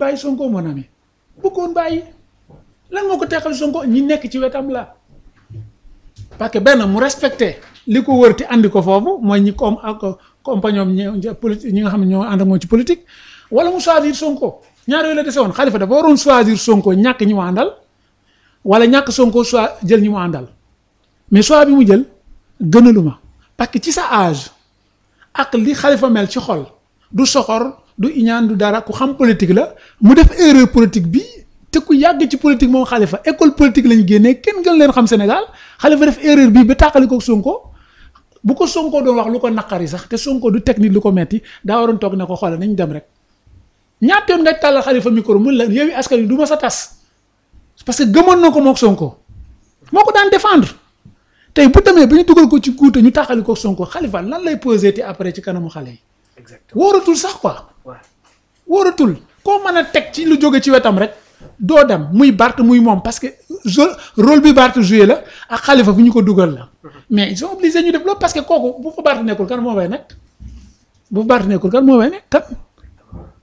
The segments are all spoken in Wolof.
bàyyi Sonko mon ami bëggoon bàyyi lan moo ko teexal Sonko ñi nekk ci wetam la parce que benn mu respecté li ko wër ti andi ko foofu mooy ñi comme ak compagnon ñi politique ñi nga xam ne ñoo ànd ak moom ci politique wala mu choisir Sonko ñaar yooyu la dese woon Khalifa dafa waroon choisir sonkoo ñàkk ñi mu àndal wala ñàkk Sonko choix jël ñi mu àndal mais choix bi mu jël gënalu ma parce que ci sa âge ak li Khalifa mel ci xol du soxor. du iñaan du dara ku xam politique la mu def erreur politique bi te ku yàgg ci politique moom xalifa école politique lañ génnee kenn gën leen xam Sénégal Khalifa def erreur bi ba tàqali ko Sonko bu ko Sonko doon wax lu ko naqari sax te Sonko du technique lu ko metti daa waroon toog ne ko xoolal nañ dem rek ñaata yoon nga tàllal Khalifa micro mun la yow askan wi du ma sa tas parce que gëmoon na ko mook Sonko moo ko daan défendre tey bu demee ba ñu dugal ko ci guute ñu tàqali ko Sonko xalifa lan lay posé te après ci kanamu xale yi. exactement sax quoi. wóoratul koo mën a teg ci lu jóge ci wetam rek doo dem muy Bart muy moom parce que rôle bi Bart joué la ak xalifa fu ñu ko dugal la. mais ils sont obligés ñu def loolu parce que kooku bu fa Bart nekkul kan moo fay nekk bu fa Bart nekkul kan moo fay nekk kan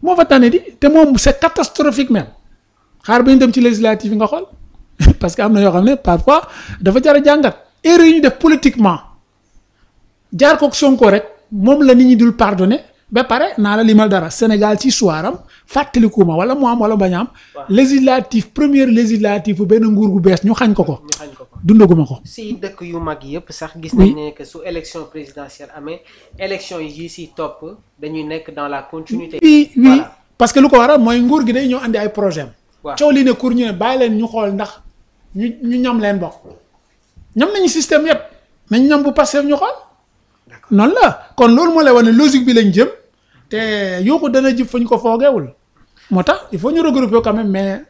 moo fa tane te moom c'est catastrophique même xaar ba ñu dem ci législative nga xool parce que am na yoo xam ne parfois dafa jar a jàngat erreur yi def politiquement jaar kook Sonko rek moom la nit ñi dul pardonner. ba pare naa la limal dara Sénégal ci soiram fàttaliku ma wala mu am wala bañ am. législatif première législative benn nguur gu bees ñu xañ ko ko. dundaguma ko. si dëkk yu mag yëpp sax. gis nañ ne que su élection présidentielle amee élection yi si topp dañuy nekk dans la continuité. oui parce que lu ko waral mooy nguur gi day ñoo andi ay projet am. waaw coow lii ne kur ñu ne bàyyi leen ñu xool ndax ñu ñu ñam leen bokk. ñam nañu système yëpp nañ ñam bu passé ñu xool. noonu la kon loolu moo lay wax ne logique bi lañ jëm. te yuuxu dana jib fu ñu ko foogewul moo tax il faut ñu regrouper quand mais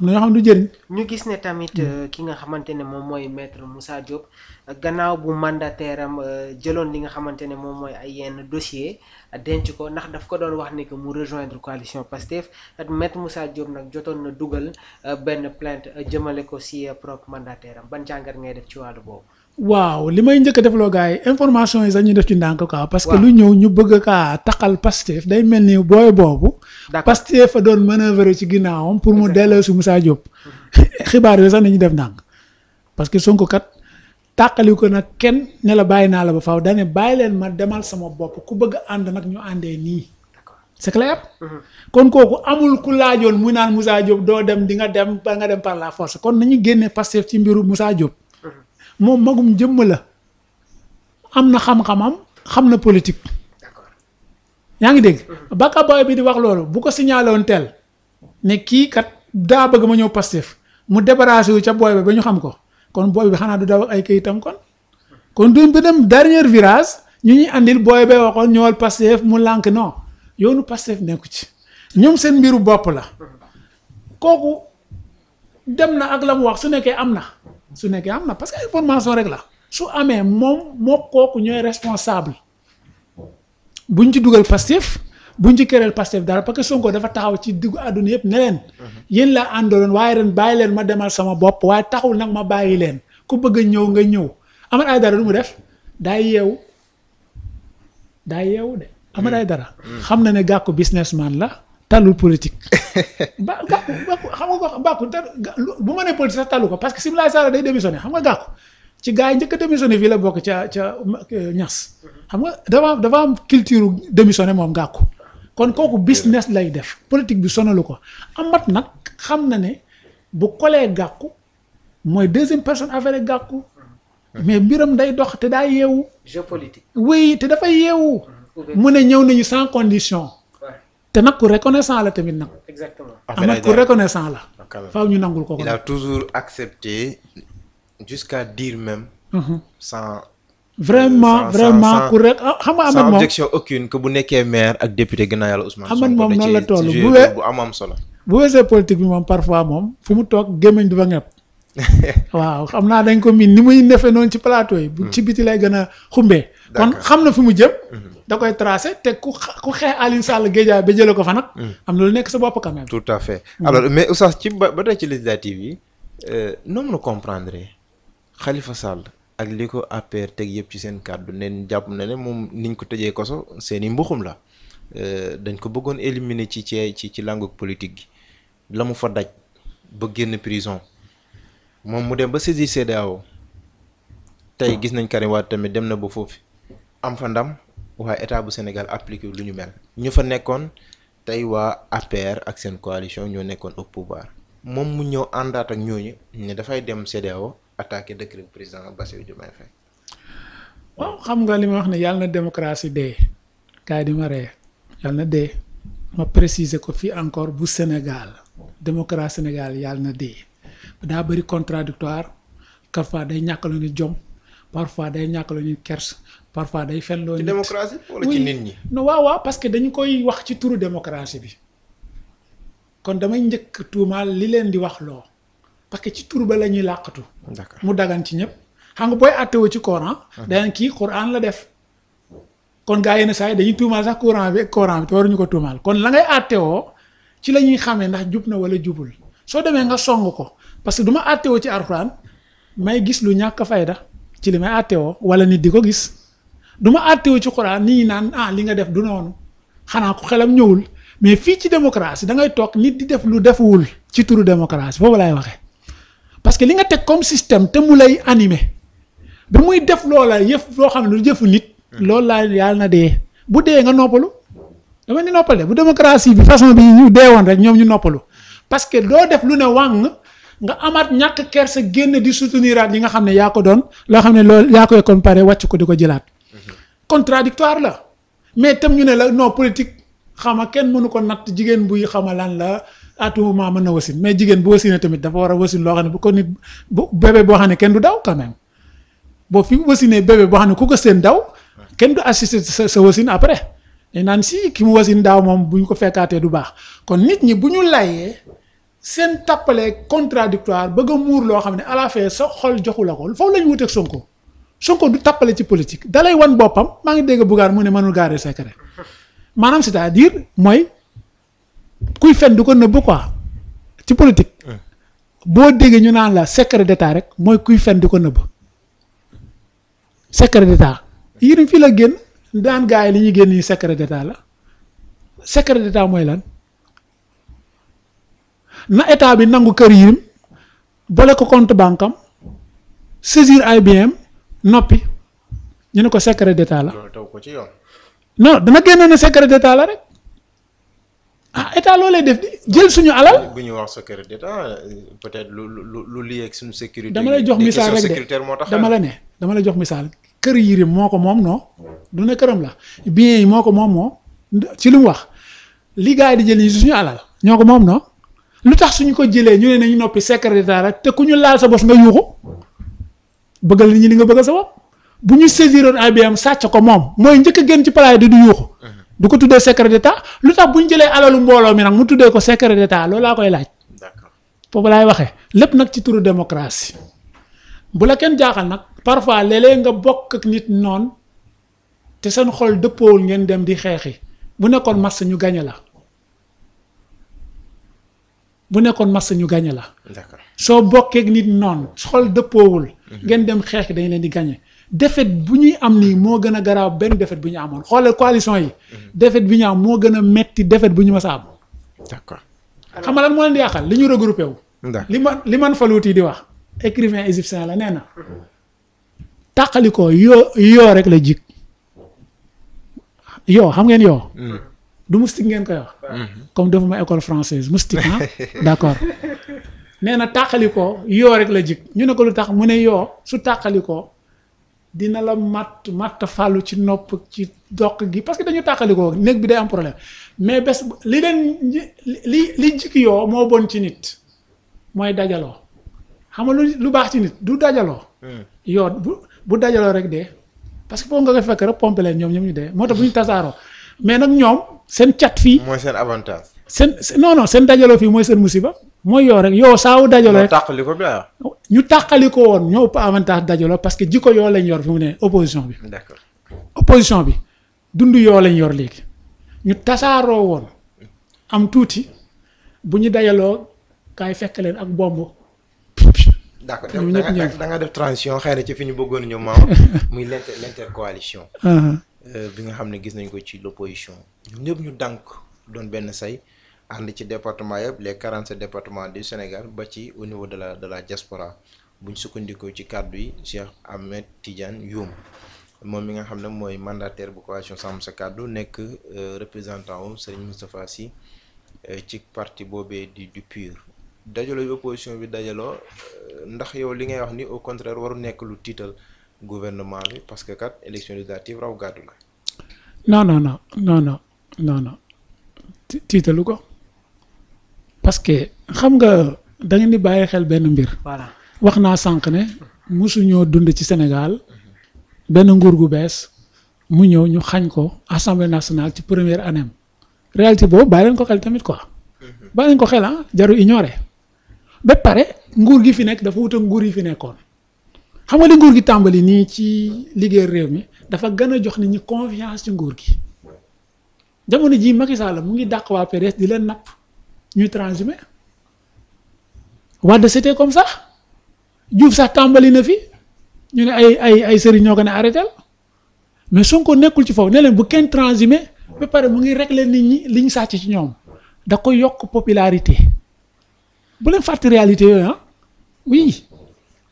am na ñoo xam du jëriñ. ñu gis ne tamit mm. euh, ki nga xamante ne moom mooy maître Moussa Diop euh, gannaaw bu mandataire am euh, jëloon li nga xamante ne moom mooy ay yenn dossier denc ko ndax daf ko doon wax ne que mu rejoindre coalition Pastef ak maître Moussa Diop nag jotoon na dugal benn plainte jëmale ko si propre mandataire am ban jàngat ngay def ci wàllu boobu. waaw li may njëkk a defloo gars yi information yi sax ñuy def ci ndànk quoi. parce que lu ñëw ñu bëgg kaa taqal Pastef day mel ni booy boobu. Pastef fa doon manœuvre ci ginnaawam pour mu delloo si Moussa Diop. xibaar yooyu sax ñu def ndànk parce que Sonko kat tàqali ko nag kenn ne la bàyyi naa la ba faaw dane bàyyi leen ma demal sama bopp ku bëgg ànd nag ñu àndee nii. c'est clair. Mhm. kon kooku amul ku laajoon mu naan musaa Diop doo dem di nga dem ba nga dem par la force kon nañu génne Pastef ci mbiru Moussa Diop. moom magum jëmm la am na xam-xamam xam na politique. yaa ngi dégg. Mm-hmm. baka boy bi di wax loolu bu ko signalé woon ne kii kat daa bëgg ma ñëw Pastef mu débarrassé wu ca booy ba ba ñu xam ko kon booy bi xanaa du daw ay kayitam kon. kon duñ ba dem dernier virage ñu ñuy andil booy bay waxoon ñëwal Pastef mu lànk non yoonu Pastef nekku ci ñoom seen mbiru bopp la mm-hmm. kooku dem na ak la mu wax su nekkee am na. su nekkee am na parce que information rek la su amee moom moo kooku ñooy responsable buñ ci dugal Pastef buñ ci këreel Pastef dara parce que Sonko dafa taxaw ci diggu àdduna yëpp ne leen mhm. yéen laa àndaloon waaye ren bàyyi leen ma demal sama bopp waaye taxul nag ma bàyyi leen ku bëgg a ñëw nga ñëw ay dara lu mu def daay yeewu daay yeewu de ay mm. dara mm. xam na ne gàkku businessman la tàllul politique ba gàkku gàkku xam nga ko bàkku bu ma nee politique sax tàllu ko parce que Simbalaye Sarr day démissionné xam nga gàkku ci gars yi njëkk a démissionné fii la bokk ca ca ñas xam nga dafa dafa am culture démissionné moom gàkku kon kooku business lay def politique bi sonalu ko amat nag xam na ne bu kolee gàkku mooy deuxième personne affaire gàkku mais mbiram day dox te daa yeewu. géopolitique oui te dafay yeewu. mu ne ñëw nañu sans condition. te nag ku reconnaissant la tamit nag. exactement Ahmed ku reconnaissant la. faaw ñu nangul ko ko. il a toujours accepté jusqu'à dire même. Mhm. sans. vraiment euh, vraiment ku ah, xam nga Ahmed moom sans objection aucune que bu nekkee maire ak député gën a yàlla Ousmane Sonko. Ahmed moom noonu la toll bu wee bu am am solo. bu weesee politique bi moom parfois moom fu mu toog gémmiñ du fa ñëpp. waaw xam naa dañ ko miin ni muy nefe noonu ci plateau yi. bu hmm. ci biti lay gën a xumbee. kon xam na fi mu jëm. Mhm. da koy tracé te ku ku xeex Alioune Sall Guédiawaye ba jëlee ko fa nag. Mhm. am na lu nekk sa bopp quand même. tout à fait mhm. alors mais Oustaz ci ba ba tey ci yi euh, noo mën a comprendre Khalifa Sall ak li ko APR teg yëpp ci seen kàddu neen jàpp na ne moom niñ ko tëjee koso seeni i mbuxum la euh, dañ ko bëggoon éliminer ci ci ci langue politique gi la mu fa daj ba génn prison moom mu dem ba saisir CEDEAO tey ah. gis nañ Karim Wade tamit dem na ba foofu. am fa ndam waaye état bu Sénégal appliqué lu ñu mel ñu fa nekkoon tey waa APR ak seen coalition ñoo nekkoon au pouvoir moom mu ñëw àndaat ak ñooñu ni dafay dem CEDEAO attaqué décret bu président Bassirou Diomaye Faye. xam nga li ma wax ne yàlla na démocratie dee ma ree préciser ko fii encore bu Sénégal démocratie Sénégal yàlla na dee daa bëri contradictoire parfois day ñàkk lu jom. parfois day ñàkk la ñuy kers parfois day fen loo. ci démocratie wala ci ñi. non waaw parce que dañu koy wax ci turu démocratie bi kon damay njëkk tuumaal li leen di wax loo parce que ci tur ba la ñuy làqatu. mu dagan ci ñëpp xam nga booy àttewoo ci Coran. Ah. danañ kii Coran la def. kon gaa yenn saa yi dañuy tuumaal sax Coran bi Coran war te waruñu ko tuumaal kon la ngay àttewoo ci la ñuy xamee ndax jub na wala jubul soo demee nga song ko parce que du ma àttewoo ci Alxuraan may gis lu ñàkk fayda. ci li may àttewoo wala nit di ko gis du ma ci xuraan nii naan ah li nga def du noonu xanaa ko xelam ñëwul mais fii ci démocratie da ngay toog nit di def lu defuwul ci tour démocratie foofu laay waxee parce que li nga teg comme système te mu lay animé ba muy def loola yëf loo xam ne lu jëfu nit. loolu laa yal na dee bu dee nga noppalu dama ni noppale bu démocratie bi façon bi ñu dee woon rek ñoom ñu noppalu parce que doo def lu ne wàng nga amaat ñàkk kersa génn di souteniraat yi nga xam ne yaa ko doon loo xam ne loolu yaa koy comparé wàcc ko di ko jëlaat. contradictoire la mais tam ñu ne la non politique xama kenn mënu ko natt jigéen buy xama lan la à tout moment mën na wasin mais jigéen bu wasine tamit dafa war a wasin loo xam ne bu ko nit bu bébé boo xam ne kenn du daw quand même boo fi wasinee bébé boo xam ne ku ko seen daw kenn du assister sa sa wasin après dañ naan si ki mu wasin daaw moom bu ñu ko fekkaatee du baax kon nit ñi bu ñu layee seen tàppalee contradictoire bëgg a muur loo xam ne à la fin sa xol joxu la ko foofu la ñu wuteeg Sonko Sonko du tàppale ci politique dalay wan boppam maa ngi dégg Bougane mu ne mënul garder secret maanaam c'est-à-dire mooy kuy fen ko nëbb ci politique. boo déggee ñu naan la secret rek mooy kuy fen di ko nëbb secret d'état yéen fii la génn daan gars yi li ñuy génn nii secret la secret d'état mooy lan. na état bi nangu kër yirim boole ko compte banque am saisir ay biens noppi ñu ne ko secret d'état la. loolu taw ko ci yoon. non dana génne ne secret d'état la rek ah état loolee def di jël suñu alal. bu ñu wax secret d'état peut-être lu lu lu lié suñu sécurité. dama lay jox misaal rek de dama la ne dama lay jox misaal kër yirim moo ko moom non du ne këram la biens yi moo ko moom moo ci lu mu wax li gars yi di jël yi suñu alal ñoo ko moom non. lu tax su ñu ko jëlee ñu ne nañu noppi secrétaire rek te ku ñu laal sa bos nga yuuxu bëgg nit ñi li nga bëgg sa bopp bu ñu saisiroon IBM sàcc ko moom mooy njëkk a génn ci palais di du yuuxu uh-huh. du ko tuddee secret d'état lu tax bu ñu jëlee alalu mbooloo mi nag mu tuddee ko secret d'état loolu laa koy laaj foofu laay waxee lépp nag ci turu démocratie bu la kenn jaaxal nag parfois léeg-léeg nga bokk ak nit noonu te seen xol dëppoowul ngeen dem di xeexi bu nekkoon mas ñu gañe la bu nekkoon massa ñu gagné la. soo bokkee nit noonu xool dëppoowul. ngeen dem xeex dañu leen di gagné. défaite bu ñuy am nii moo gën a garaaw benn défaite bu ñu amoon xoolal coalition yi. défaite bi ñu am moo gën a metti défaite bu ñu mës a am. d'accord xam nga lan moo leen di yàqal li ñu regroupé wu. li man li man faluuti di wax. écrivain égyptien la nee na. tàqalikoo yoo yoo rek la jik yoo xam ngeen yoo. Hmm. du moustique ngeen koy wax. Mhm. comme dafa ma école française moustique ah d' accord nee na tàqali ko yoo rek la jik ñu ne ko lu tax mu ne yoo su tàqali dina la matt matt fàllu ci nopp ci doq gi parce que dañu tàqali ko néeg bi day am problème mais bés li leen li li jik yoo moo bon ci nit mooy dajaloo xam nga lu lu baax ci nit du dajaloo. Hmm. yoo bu bu dajaloo rek dee parce que foofu nga koy fekk rek pompe ñoom ñoom ñu dee moo tax bu ñu tasaaroo. mais nag ñoom seen cat fii. mooy seen avantage. seen non seen dajaloo fii mooy seen musiba. mooy yoo rek yow saawu dajaloo rek ñu tàqali ko woon ñoo ëpp avantage dajaloo parce que jikko yoo lañ yor fi mu ne opposition bi. d'accord opposition bi dund yoo lañ yor léegi ñu tasaaroo woon am tuuti bu ñu dajaloo kaay fekk leen ak bomb. d'accord da nga def transition xëy na ci fi ñu bëggoon ñëw maam muy l'inter l'intercoalition. Uh-huh. Euh, bi nga xam ne gis nañ ko ci l'opposition ñun ñëpp ñu dànk doon benn say ànd ci département yëpp les quarante sept départements du Sénégal ba ci au niveau de la de la bu ñu sukkandikoo ci kàddu yi Cheikh Ahmed Tidiane Youm moom mi nga xam ne mooy mandataire bu coalition Sàmm Sa Kàddu nekk euh, représentant wu Serigne Moustapha Sy euh, ci parti boobee di du PUR dajaloo opposition bi dajaloo ndax yow li ngay wax ni au contraire waru nekk lu tiital gouvernement bi parce que kat élection législative raw gàddu la. non non non non non non non tiitalu ko parce que xam nga da ngeen di bàyyi xel benn mbir. wax naa sànq ne mosuñoo dund ci Sénégal benn nguur gu bees mu ñëw ñu xañ ko assemblée nationale ci première année am réalité boobu bàyyi leen ko xel tamit quoi. Mhm. bàyyi leen ko xel ah jaru ignoré ba pare nguur gi fi nekk dafa wut nguur yi fi nekkoon. xam nguur gi tàmbali nii ci liggéey réew mi dafa gën a jox nit ñu confiance ci nguur gi jamono jii Macky Sall mu ngi dàq waa PDS di leen napp ñuy transhumé Wade c'était comme sax Diouf sax tàmbali na fi ñu ne ay ay ay sëriñ ñoo ko ne arrêté mais Sonko nekkul ci foofu ne leen bu kenn transhumé ba pare mu ngi leen nit ñi li ñu sàcc ci ñoom da ko yokk popularité bu leen fàtte réalité yooyu ah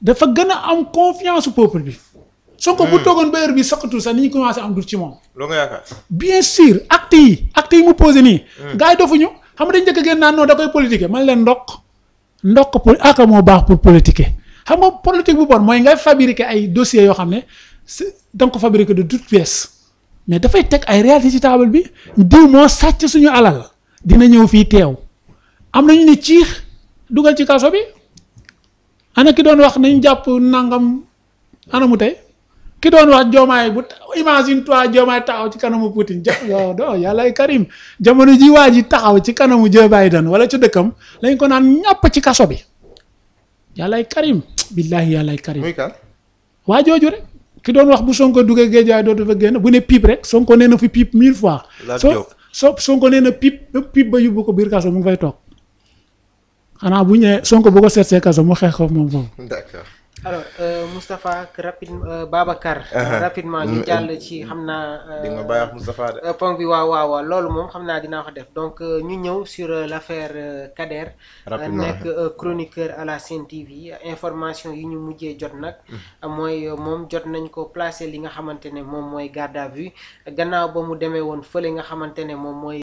dafa gën a am confiance peuple bi. Sonko bu hmm. toogoon ba heure bi saqatul sax ni ñu commencé am doute ci moom. loo nga yaakaar. bien sûr acte yi acte yi mu posé nii. Hmm. gars yi dofuñu xam nga dañ njëkk a génn naan non da koy politiquer man leen ndokk ndokk baax pour politiquer xam nga politique bu bon mooy ngay fabriquer ay dossiers yoo xam ne danga ko fabriquer de toutes pièces mais dafay teg ay réalité ci table bi diw moo sàcc suñu alal dina ñëw fii teew am nañu ne ciix dugal ci kaso bi. ana ki doon wax nañu jàpp nangam anamu tey ki doon wax joomaay bu imagine toi joomaay taxaw ci kanamu Poutine ja do yàlla karim jamono ji waa ji taxaw ci kanamu Joe Biden wala ca dëkkam lañ ko naan ñàpp ci kaso bi yàlla karim billahi yàlla karim waa jooju rek ki doon wax bu Sonko duggee géej waaye dootu fa génn bu ne pipe rek Sonko nee na fi pipe mille fois. soo soo Sonko nee na pipe ba pipe ba yóbbu ko biir kaso mu ngi fay toog. xanaa bu ñëwee Sonko bu ko seet see mu xeex ko moom foofu. d'accord alors euh, Moustapha rapide euh, ah, ah. rapidement ñu mm, jàll euh, ci xam naa. Euh, di nga bàyyi wax Moustapha de. Euh, ponk bi waaw waaw loolu moom xam naa dinaa ko def donc ñu ñëw sur l' affaire Kader. rapidement nekk chroniqueur à la Sen TV information yi ñu mujjee jot nag. Mm. mooy moom jot nañ ko placé li nga xamante ne moom mooy garde à vue gannaaw ba mu demee woon fële nga xamante ne moom mooy.